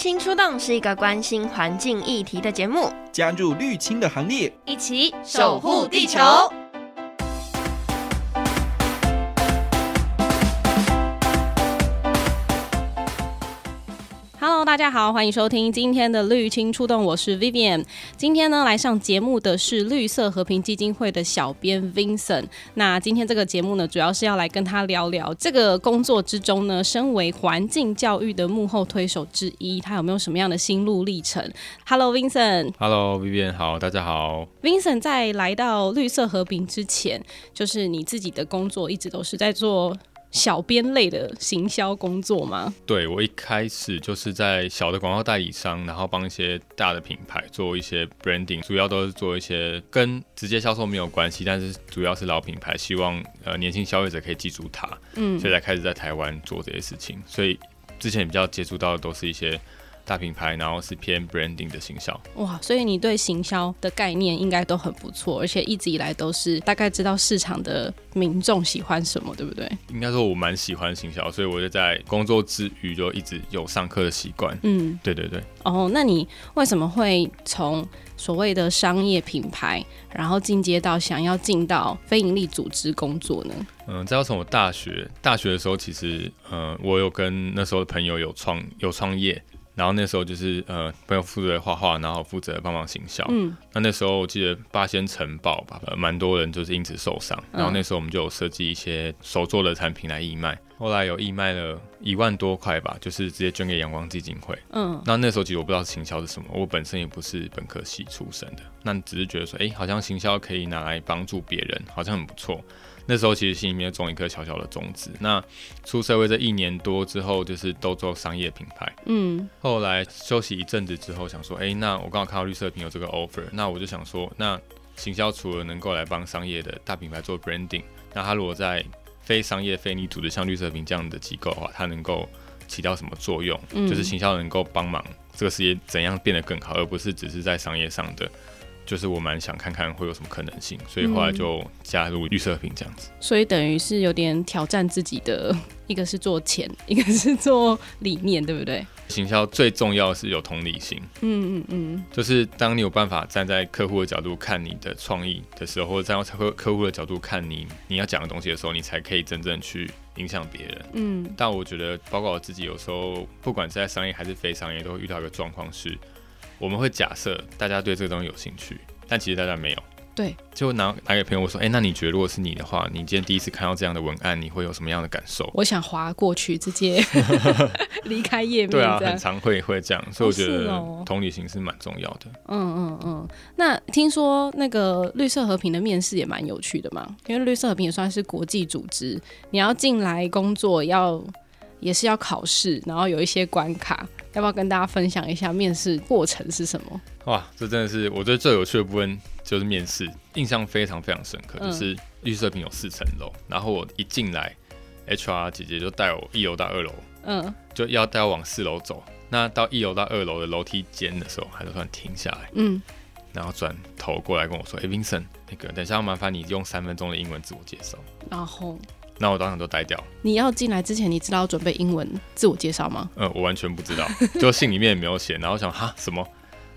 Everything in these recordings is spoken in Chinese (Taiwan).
綠青出動是一個關心環境議題的節目，加入綠青的行列，一起守護地球。大家好，歡迎收聽今天的《綠青出動》，我是 Vivian。今天呢，來上節目的是綠色和平基金會的小編 Vincent。那今天這個節目呢，主要是要來跟他聊聊這個工作之中呢，身為環境教育的幕後推手之一，他有沒有什麼樣的心路歷程？Hello，Vincent。Hello，Vivian。Hello, 好，大家好。Vincent 在來到綠色和平之前，就是你自己的工作一直都是在做，小編類的行銷工作嗎？對，我一開始就是在小的廣告代理商，然後幫一些大的品牌做一些 branding，主要都是做一些跟直接銷售沒有關係，但是主要是老品牌，希望呃年輕消費者可以記住它。嗯，所以才開始在台灣做這些事情，所以之前比較接觸到的都是一些。大品牌，然後是偏 branding 的行銷。哇，所以你對行銷的概念應該都很不錯，而且一直以來都是大概知道市場的民眾喜歡什麼，對不對？應該說，我蠻喜歡行銷，所以我就在工作之餘就一直有上課的習慣。嗯，對對對。哦、oh，那你為什麼會從所謂的商業品牌，然後進階到想要進到非營利組織工作呢？嗯，這要從我大學大學的時候，其實，嗯，我有跟那時候的朋友有創有創業。然後那時候就是呃，朋友負責畫畫，然後負責幫忙行銷。嗯，那那時候我記得八仙塵爆吧，蠻多人就是因此受傷、嗯。然後那時候我們就有設計一些手作的產品來義賣。後來有義賣，了一萬多塊吧，就是直接捐給陽光基金會。嗯，那那時候其實我不知道行銷是什麼，我本身也不是本科系出身的，那只是覺得說，哎、欸，好像行銷可以拿來幫助別人，好像很不錯。那時候其實心裡面種一顆小小的種子。那出社會這一年多之後，就是都做商業品牌。嗯，後來休息一陣子之後，想說，哎、欸，那我剛好看到綠色和平有這個 offer，那我就想說，那行銷除了能夠來幫商業的大品牌做 branding，那它如果在非商業、非營利組織，像綠色和平這樣的機構的話，它能夠起到什麼作用？嗯、就是行銷能夠幫忙這個世界怎樣變得更好，而不是只是在商業上的。就是我蠻想看看會有什麼可能性，所以後來就加入綠色和平這樣子。嗯、所以等於是有點挑戰自己的，一個是做錢，一個是做理念，對不對？行銷最重要的是有同理心，嗯嗯嗯，就是當你有辦法站在客戶的角度看你的創意的時候，或者站在客客戶的角度看你你要講的東西的時候，你才可以真正去影響別人。嗯，但我覺得，包括我自己，有時候不管是在商業還是非商業，都會遇到一個狀況是，我們會假設大家對這個東西有興趣，但其實大家沒有。對，就拿拿給朋友說，哎、欸，那你覺得如果是你的話，你今天第一次看到這樣的文案，你會有什麼樣的感受？我想滑過去，直接離 開頁面這樣。對啊，很常會會這樣，所以我覺得同理心是蠻重要的。哦哦、嗯嗯嗯，那聽說那個綠色和平的面試也蠻有趣的嘛，因為綠色和平也算是國際組織，你要進來工作要也是要考試，然後有一些關卡，要不要跟大家分享一下面試過程是什麼？哇，這真的是我覺得最有趣的部分。就是面試，印象非常非常深刻。嗯、就是綠色和平有四層樓，然後我一進來，HR 姐姐就帶我一樓到二樓，嗯，就要帶我往四樓走。那到一樓到二樓的樓梯間的時候，她突然停下來，嗯，然後轉頭過來跟我說：“哎、嗯欸、，Vincent，那個等一下要麻煩你用三分鐘的英文自我介紹。”然後，那我當場都呆掉。你要進來之前，你知道我準備英文自我介紹嗎？嗯，我完全不知道， 就信裡面也沒有寫。然後想哈什麼？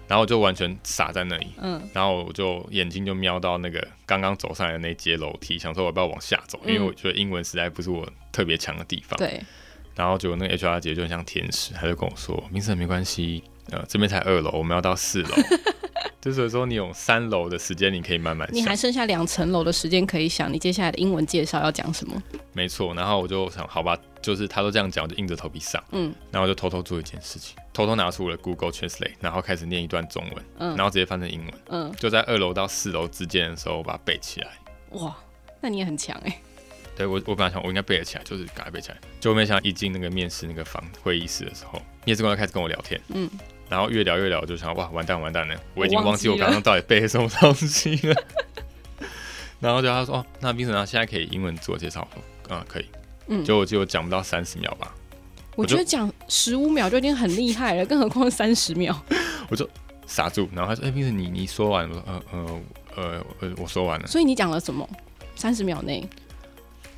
然後我就完全傻在那裡，嗯，然後我就眼睛就瞄到那個剛剛走上來的那階樓梯，想說我要不要往下走，嗯，因為我覺得英文實在不是我特別強的地方，嗯，對。然後結果那個 HR 姐就很像天使，她就跟我說，名字沒關係。呃、嗯，這邊才二樓，我們要到四樓。 就是說，你有三樓的時間，你可以慢慢想。你還剩下兩層樓的時間可以想，你接下來的英文介紹要講什麼？沒錯，然後我就想，好吧，就是他都這樣講，我就硬着頭皮上。嗯，然後我就偷偷做一件事情，偷偷拿出我的 Google Translate，然後開始念一段中文，嗯，然後直接翻成英文。嗯，就在二樓到四樓之間的時候，我把它背起來。哇，那你也很強哎，欸。對我，我本來想我應該背得起來，就是趕快背起來。就沒想一進那個面試那個房會議室的時候，面試官就開始跟我聊天。嗯。然後越聊越聊，我就想哇，完蛋完蛋了，我已經忘記我剛剛到底背了什麼東西了。了 然後就他說哦，那 Vincent 啊，現在可以英文做介紹？啊、嗯，可以，嗯，就就講不到三十秒吧。我覺得講十五秒就已經很厲害了， 更何況三十秒。 我就傻住，然後他說哎，欸，Vincent, 你你說完，我說呃呃呃，我說完了。所以你講了什麼？三十秒內，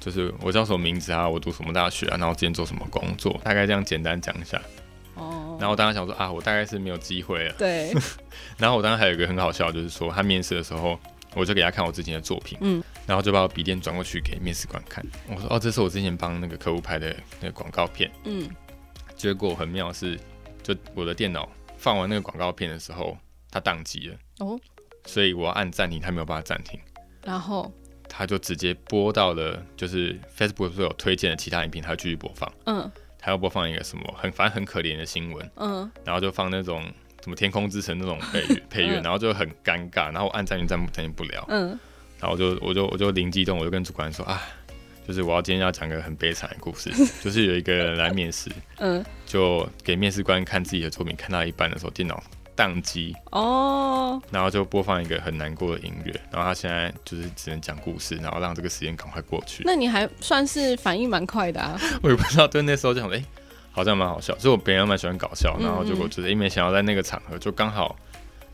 就是我叫什麼名字啊？我讀什麼大學啊？然後今天做什麼工作？大概這樣簡單講一下。然後我剛剛想說啊，我大概是沒有機會了。對。 然後我剛剛還有一個很好笑，就是說他面試的時候，我就給他看我之前的作品。嗯。然後就把我筆電轉過去給面試官看。我說哦，這是我之前幫那個客戶拍的那個廣告片。嗯。結果很妙是，就我的電腦放完那個廣告片的時候，它宕機了。哦。所以我要按暫停，它沒有辦法暫停。然後。他就直接播到了，就是 Facebook 所有推薦的其他影片，他繼續播放。嗯。還要播放一個什麼很煩很可憐的新聞，uh -huh. 然後就放那種什麼天空之城那種配配樂，然後就很尷尬，然後我按暫停暫停不了，uh -huh. 然後我就我就我就靈機一動，我就跟主管說啊，就是我要今天要講個很悲慘的故事， 就是有一個人來面試，就給面試官看自己的作品，看到一半的時候電腦。宕機哦，然後就播放一個很難過的音樂，然後他現在就是只能講故事，然後讓這個時間趕快過去。那你還算是反應蠻快的啊！我也不知道，對那時候想，哎、欸，好像蠻好笑，所以我本人蠻喜歡搞笑，嗯嗯，然後結果就是因為、欸、想要在那個場合就剛好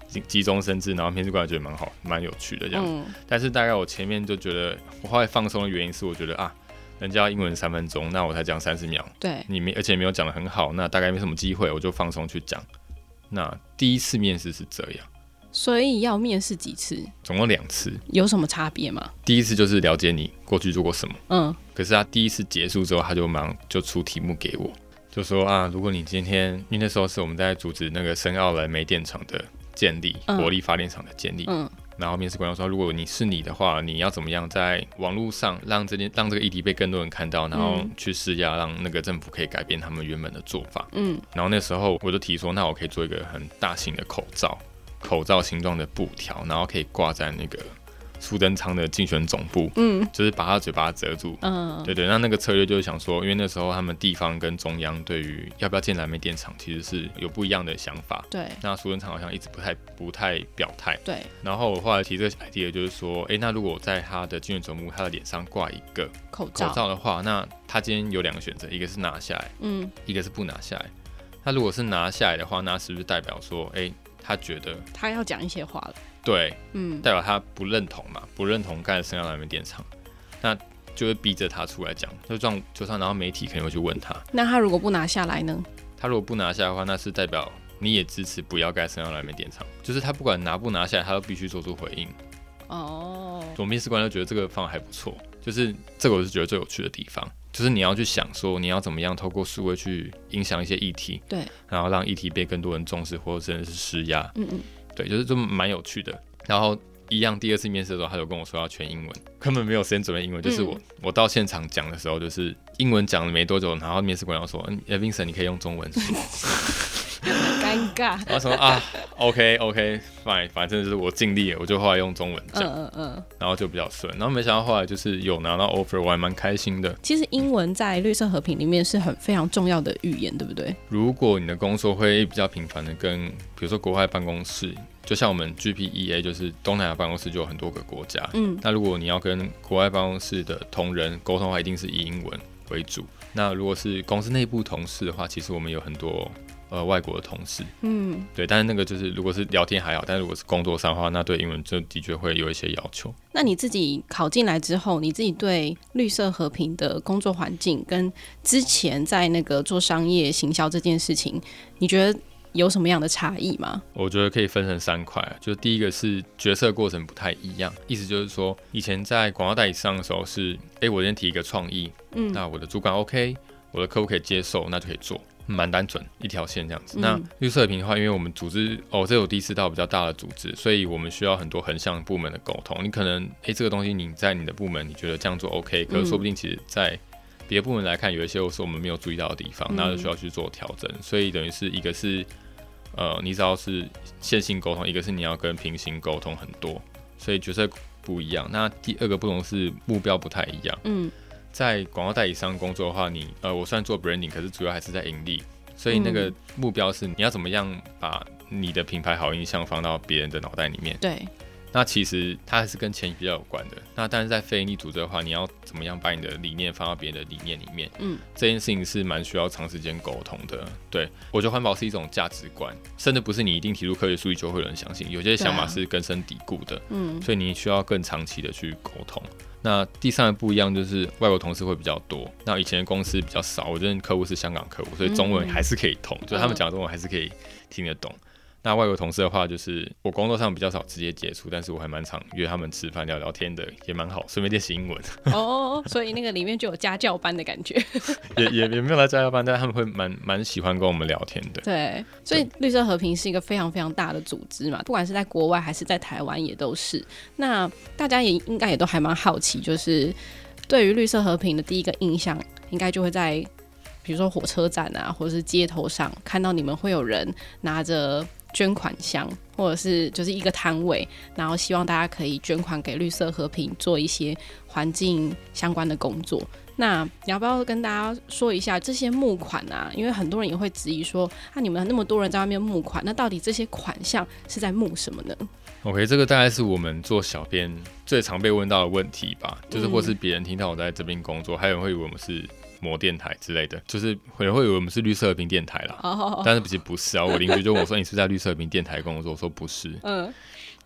急急中生智，然後時過來覺得蠻好、蠻有趣的這樣、嗯。但是大概我前面就覺得我後來放鬆的原因是，我覺得啊，人家要英文三分鐘，那我才講三十秒，對，你沒而且沒有講的很好，那大概沒什麼機會，我就放鬆去講。那第一次面試是這樣，所以要面試幾次？總共兩次，有什麼差別嗎？第一次就是了解你過去做過什麼，嗯。可是他第一次結束之後，他就忙就出題目給我，就說啊，如果你今天，因為那時候是我們在組織那個深澳燃煤電廠的建立，火力發電廠的建立，嗯。然後面試官就說：“如果你是你的話，你要怎麼樣在網絡上讓這件讓這個議題被更多人看到，然後去施壓，讓那個政府可以改變他們原本的做法？”嗯，然後那時候我就提說：“那我可以做一個很大型的口罩，口罩形狀的布條，然後可以掛在那個。”蘇貞昌的競選總部，嗯，就是把他嘴巴遮住，嗯，對，對對，那那個策略就是想說，因為那時候他們地方跟中央對於要不要建燃煤電廠，其實是有不一樣的想法，對。那蘇貞昌好像一直不太不太表態，對。然後我後來提這個 idea 就是說，哎、欸，那如果我在他的競選總部，他的臉上掛一個口口罩的話，那他今天有兩個選擇，一個是拿下來，嗯，一個是不拿下來。那如果是拿下來的話，那是不是代表說，哎、欸，他覺得他要講一些話了？對，嗯，代表他不認同嘛，不認同蓋深澳燃煤電廠，那就會逼着他出來講，就這樣，就算然後媒體肯定會去問他。那他如果不拿下來呢？他如果不拿下來的話，那是代表你也支持不要蓋深澳燃煤電廠，就是他不管拿不拿下來，他都必須做出回應。哦，總面試官就覺得這個方法還不錯，就是這個我是覺得最有趣的地方，就是你要去想說你要怎麼樣透過數位去影響一些議題，對，然後讓議題被更多人重視，或者甚至是施壓，嗯嗯。對，就是就蠻有趣的。然後一樣，第二次面試的時候，他就跟我說要全英文，根本沒有時間準備英文。嗯、就是我我到現場講的時候，就是英文講了沒多久，然後面試官要說 Vincent，你可以用中文說。 ” 然後說啊，OK OK fine，反正就是我盡力了，我就後來用中文講，嗯嗯嗯，然後就比較順。然後沒想到後來就是有拿到 offer，我還蠻開心的。其實英文在綠色和平裡面是很非常重要的語言，對不對？如果你的工作會比較頻繁的跟，比如說國外辦公室，就像我們 GPEA 就是東南亞辦公室，就有很多個國家，嗯，那如果你要跟國外辦公室的同仁溝通的話，一定是以英文為主。那如果是公司內部同事的話，其實我們有很多。呃，外國的同事，嗯，對，但是那個就是，如果是聊天還好，但是如果是工作上的話，那對英文就的確會有一些要求。那你自己考進來之後，你自己對綠色和平的工作環境跟之前在那個做商業行銷這件事情，你覺得有什麼樣的差異嗎？我覺得可以分成三塊，就是第一個是決策過程不太一樣，意思就是說，以前在廣告代理商的時候是，哎、欸，我先提一個創意，嗯，那我的主管 OK，我的客戶可以接受，那就可以做。蠻單純一條線這樣子。嗯、那綠色和平的、的話，因為我們組織哦，這有第四道比較大的組織，所以我們需要很多橫向部門的溝通。你可能誒、欸、這個東西你在你的部門你覺得這樣做 OK，可是說不定其實在別的部門來看，有一些是我們沒有注意到的地方，那就需要去做調整、嗯。所以等於是一個是呃你只要是線性溝通，一個是你要跟平行溝通很多，所以角色不一樣。那第二個不同是目標不太一樣。嗯。在廣告代理商工作的話你，你呃，我算做 branding，可是主要還是在盈利，所以那個目標是你要怎麼樣把你的品牌好印象放到別人的腦袋裡面。對。那其實它還是跟錢比較有關的。那但是在非營利組織的話，你要怎麼樣把你的理念放到別人的理念裡面？嗯，這件事情是蠻需要長時間溝通的。對，我覺得環保是一種價值觀，甚至不是你一定提出科學數據就會有人相信。有些想法是根深蒂固的。嗯、啊，所以你需要更長期的去溝通。嗯、那第三個不一樣就是外國同事會比較多，那以前的公司比較少。我這邊客戶是香港客戶，所以中文還是可以通，嗯、就他們講的中文還是可以聽得懂。嗯嗯。那外國同事的話，就是我工作上比較少直接接觸，但是我還蠻常約他們吃飯聊聊天的，也蠻好，順便練習英文。哦、oh, 所以那個裡面就有家教班的感覺。 也也也沒有來家教班，但他們會蠻蠻喜歡跟我們聊天的。對，所以綠色和平是一個非常非常大的組織嘛，不管是在國外還是在台灣也都是。那大家也應該也都還蠻好奇，就是對於綠色和平的第一個印象，應該就會在比如說火車站啊，或者是街頭上看到你們會有人拿着。捐款箱，或者是就是一個攤位，然後希望大家可以捐款給綠色和平做一些環境相關的工作。那你要不要跟大家說一下這些募款啊？因為很多人也會質疑說，啊，你們那麼多人在外面募款，那到底這些款項是在募什麼呢？OK，這個大概是我們做小編最常被問到的問題吧，就是或是別人聽到我在這邊工作，嗯，還有人會以為我們是。魔電台之類的，就是可能會以為我們是綠色和平電台啦，oh, oh, oh. 但是其實不是啊。我鄰居就問我說 你是，不是在綠色和平電台工作，我說不是。嗯，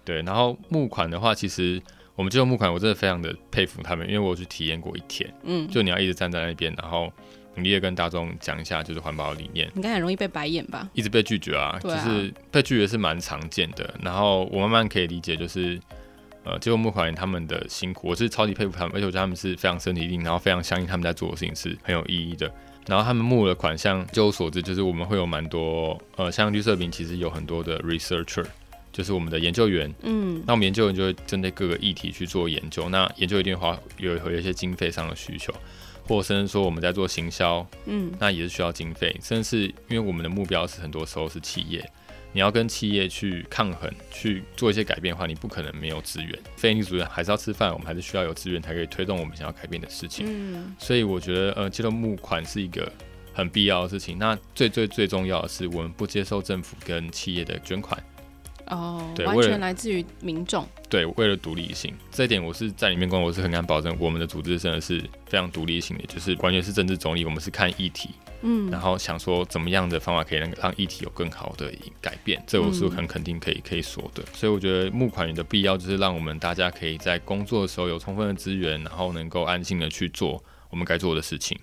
對。然後募款的話，其實我們這種募款，我真的非常的佩服他們，因為我有去體驗過一天。嗯，就你要一直站在那邊，然後你也跟大眾講一下就是環保理念，你應該很容易被白眼吧？一直被拒絕啊，就是被拒絕是蠻常見的。然後我慢慢可以理解，就是。呃，接受募款員他們的辛苦，我是超級佩服他們，而且我覺得他們是非常身體力行，然後非常相信他們在做的事情是很有意義的。然後他們募的款項，就我所知，就是我們會有蠻多，呃，像綠色和平其實有很多的 researcher，就是我們的研究員。嗯。那我們研究員就會針對各個議題去做研究，那研究一定花有有一些經費上的需求，或者甚至說我們在做行銷，嗯，那也是需要經費，甚至因為我們的目標是很多時候是企業。你要跟企業去抗衡，去做一些改變的話，你不可能沒有資源。非營利組織還是要吃飯，我們還是需要有資源才可以推動我們想要改變的事情。嗯、啊，所以我覺得，呃，這個募款是一個很必要的事情。那最最最重要的是，我們不接受政府跟企業的捐款。哦、對，完全來自於民眾。對，為了獨立性這一點，我是在裡面工作，我是很敢保證，我們的組織真的是非常獨立性的，就是完全是政治中立。我們是看議題，嗯，然後想說怎麼樣的方法可以讓讓議題有更好的改變，嗯，這個我是很肯定可以可以說的。所以我覺得募款的必要就是讓我們大家可以在工作的時候有充分的資源，然後能夠安心的去做我們該做的事情。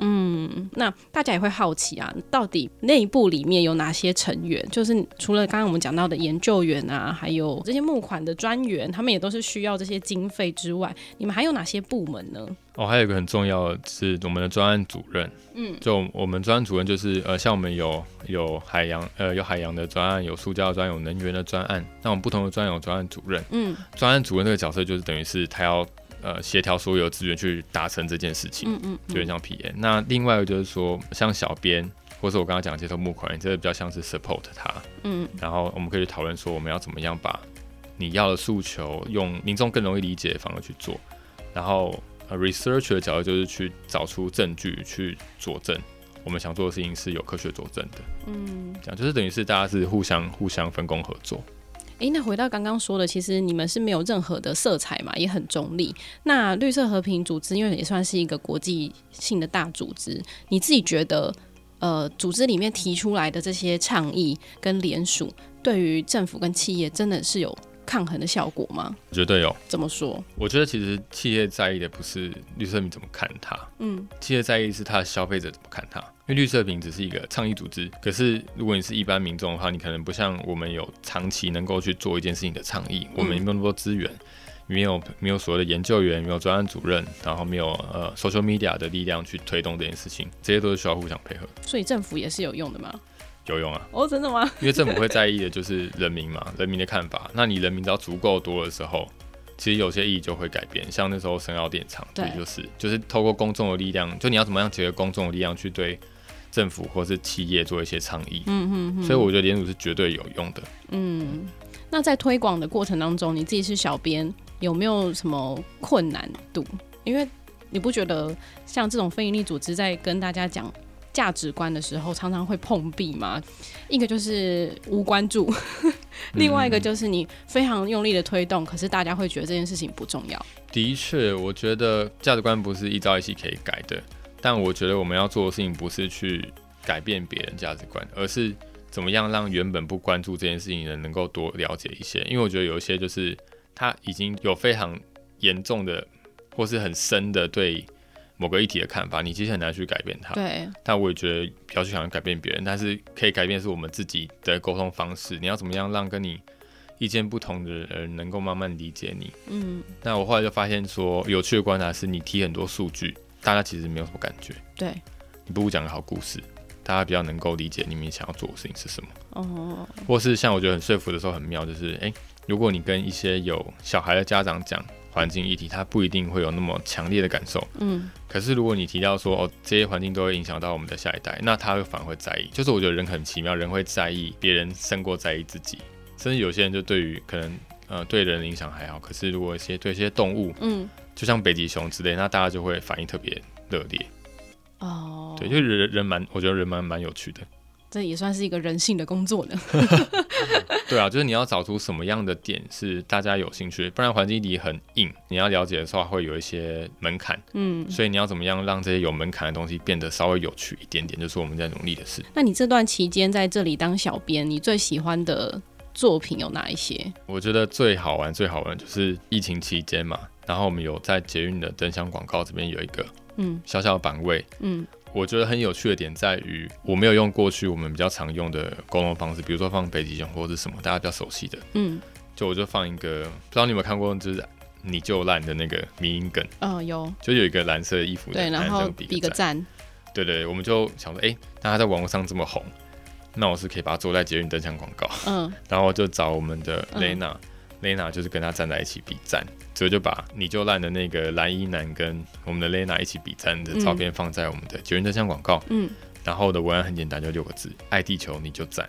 嗯，那大家也會好奇啊，到底內部裡面有哪些成員？就是除了剛剛我們講到的研究員啊，還有這些募款的專員，他們也都是需要這些經費之外，你們還有哪些部門呢？哦，還有一個很重要的是我們的專案主任。嗯，就我們專案主任就是呃，像我們有有海洋呃有海洋的專案，有塑膠的專案，有能源的專案，那我們不同的專案有專案主任。嗯，專案主任這個角色就是等於是他要。呃，協調所有資源去達成這件事情，嗯嗯，嗯，就像皮 m，那另外一個就是說，像小編，或是我剛剛講接受募款，這個、比較像是 support 他，嗯，然後我們可以去討論說，我們要怎麼樣把你要的訴求用民眾更容易理解的方式去做。然後呃，research 的角度就是去找出證據去佐證我們想做的事情是有科學佐證的，嗯，講就是等於是大家是互相互相分工合作。哎、欸，那回到剛剛說的，其實你們是沒有任何的色彩嘛，也很中立。那綠色和平組織因為也算是一個國際性的大組織，你自己覺得，呃，組織裡面提出來的這些倡議跟聯署，對於政府跟企業真的是有抗衡的效果嗎？絕對有。怎麼說？我覺得其實企業在意的不是綠色和平怎麼看它，嗯，企業在意是它的消費者怎麼看它。因為綠色和平只是一個倡議組織，可是如果你是一般民眾的話，你可能不像我們有長期能夠去做一件事情的倡議，我們沒有那麼多資源，沒有沒有所謂的研究員，沒有專案主任，然後沒有呃 social media 的力量去推動這件事情，這些都是需要互相配合。所以政府也是有用的嗎？有用啊！哦，oh，真的嗎？因為政府會在意的就是人民嘛， 人民的看法。那你人民只要足夠多的時候，其實有些意義就會改變。像那時候深澳電廠，對，對就是就是透過公眾的力量，就你要怎麼樣結合公眾的力量去對。政府或是企業做一些倡議，嗯嗯，所以我覺得聯署是絕對有用的。嗯，那在推廣的過程當中，你自己是小編，有沒有什麼困難度？因為你不覺得像這種非營利組織在跟大家講價值觀的時候，常常會碰壁嗎？一個就是無關注， 另外一個就是你非常用力的推動，嗯，可是大家會覺得這件事情不重要。的確，我覺得價值觀不是一朝一夕可以改的。但我覺得我們要做的事情不是去改變別人價值觀，而是怎麼樣讓原本不關注這件事情的人能夠多了解一些。因為我覺得有一些就是他已經有非常嚴重的，或是很深的對某個議題的看法，你其實很難去改變他。對。但我也覺得不要去想要改變別人，但是可以改變是我們自己的溝通方式。你要怎麼樣讓跟你意見不同的人能夠慢慢理解你？嗯。那我後來就發現說，有趣的觀察是你提很多數據。大家其實沒有什麼感覺，對。你不如講個好故事，大家比較能夠理解你們想要做的事情是什麼。哦、oh.。或是像我覺得很說服的時候很妙，就是哎、欸，如果你跟一些有小孩的家長講環境議題，他不一定會有那麼強烈的感受。嗯。可是如果你提到說哦，這些環境都會影響到我們的下一代，那他會反而會在意。就是我覺得人很奇妙，人會在意別人勝過在意自己，甚至有些人就對於可能。呃，對人的影響還好，可是如果一些對一些動物，嗯，就像北極熊之類，那大家就會反應特別熱烈。哦，對，就是人，人蠻，我覺得人蠻蠻有趣的。這也算是一個人性的工作呢？ 對啊，就是你要找出什麼樣的點是大家有興趣，不然環境裡很硬，你要了解的時候會有一些門檻。嗯，所以你要怎麼樣讓這些有門檻的東西變得稍微有趣一點點，就是我們在努力的事。那你這段期間在這裡當小編，你最喜歡的？作品有哪一些？我覺得最好玩、最好玩就是疫情期間嘛，然後我們有在捷運的燈箱廣告這邊有一個，嗯，小小的版位，嗯，嗯，我覺得很有趣的點在於，我沒有用過去我們比較常用的溝通方式，比如說放北極熊或者是什麼大家比較熟悉的，嗯，就我就放一個，不知道你有沒有看過，就是你就爛的那個迷因梗，嗯，有，就有一個藍色的衣服的，對，然後比個讚，個讚，對，對對，我們就想說，哎、欸，大家在網絡上這麼紅。那我是可以把它做在捷運燈箱廣告，嗯，然後就找我們的 Lena、嗯、Lena 就是跟他站在一起比讚，所以就把你就爛的那個藍衣男跟我們的 Lena 一起比讚的照片放在我們的捷運燈箱廣告，嗯，然後我的文案很簡單，就六個字：愛地球你就讚，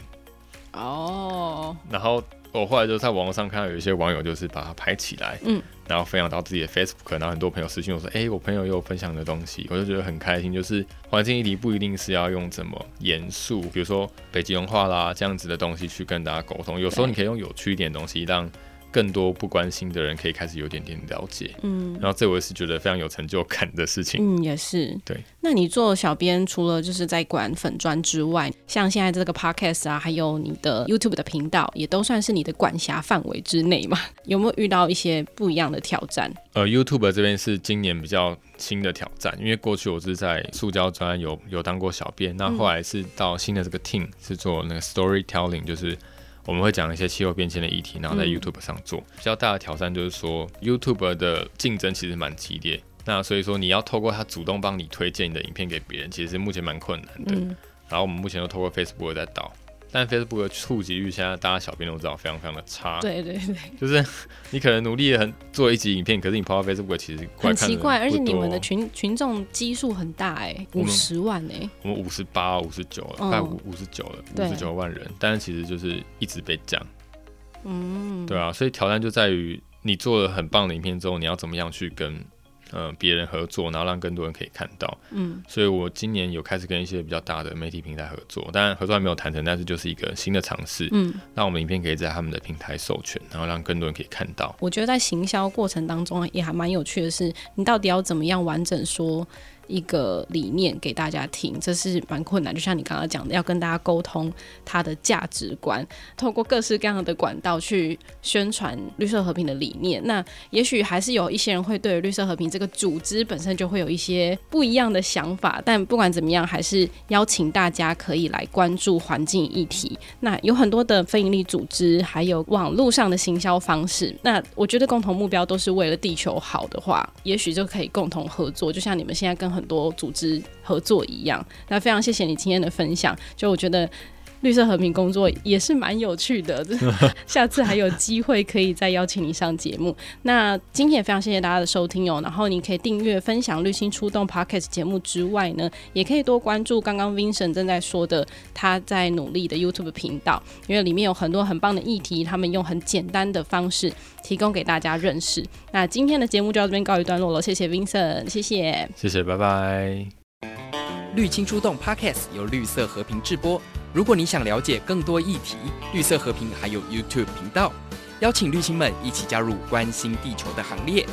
哦，然後。我後來就在網絡上看到有一些網友就是把它拍起來、嗯，然後分享到自己的 Facebook，然後很多朋友私信我說，哎、欸，我朋友也有分享的東西，我就覺得很開心。就是環境議題不一定是要用怎麼嚴肅，比如說北極融化啦這樣子的東西去跟大家溝通，有時候你可以用有趣一點的東西讓。更多不關心的人可以開始有點點了解，嗯，然後這我也是覺得非常有成就感的事情，嗯，也是，對。那你做小編除了就是在管粉專之外，像現在這個 podcast 啊，還有你的 YouTube 的頻道，也都算是你的管轄範圍之內嘛？有沒有遇到一些不一樣的挑戰？呃，YouTube 這邊是今年比較新的挑戰，因為過去我是在塑膠專案有有當過小編，那後來是到新的這個 team、嗯、是做那個 storytelling，就是。我們會講一些氣候變遷的議題，然後在 YouTube 上做、嗯、比較大的挑戰，就是說 YouTube 的競爭其實蠻激烈，那所以說你要透過它主動幫你推薦你的影片給別人，其實是目前蠻困難的、嗯。然後我們目前都透過 Facebook 在導。但 Facebook 的觸及率現在，大家小編都知道非常非常的差。對對對，就是你可能努力的很做一集影片，可是你拋到 Facebook 其實快很多很奇怪，而且你們的群群眾基數很大哎，五十萬哎，我們五十八、五十九了、快五、五十九了、五十九萬人，但是其實就是一直被降。嗯，對啊，所以挑戰就在於你做了很棒的影片之後，你要怎麼樣去跟？呃，別人合作，然後讓更多人可以看到。嗯，所以我今年有開始跟一些比較大的媒體平台合作，當然合作還沒有談成，但是就是一個新的嘗試。嗯，那我們影片可以在他們的平台授權，然後讓更多人可以看到。我覺得在行銷過程當中也還蠻有趣的是，你到底要怎麼樣完整說？一個理念給大家聽，這是蠻困難。就像你剛剛講的，要跟大家溝通它的價值觀，透過各式各樣的管道去宣傳綠色和平的理念。那也許還是有一些人會對綠色和平這個組織本身就會有一些不一樣的想法。但不管怎麼樣，還是邀請大家可以來關注環境議題。那有很多的非營利組織，還有網絡上的行銷方式。那我覺得共同目標都是為了地球好的話，也許就可以共同合作。就像你們現在跟很多組織合作一樣，那非常謝謝你今天的分享。就我覺得。綠色和平工作也是蠻有趣的，下次還有機會可以再邀請你上節目。 那今天也非常謝謝大家的收聽哦，然後你可以訂閱分享“綠青出動 ”Podcast 節目之外呢，也可以多關注剛剛 Vincent 正在說的他在努力的 YouTube 頻道，因為裡面有很多很棒的議題，他們用很簡單的方式提供給大家認識。那今天的節目就到這邊告一段落了，謝謝 Vincent，謝謝，謝謝，拜拜。綠青出動 Podcast 由綠色和平製播。如果你想了解更多議題，綠色和平還有 YouTube 頻道，邀請綠星們一起加入關心地球的行列。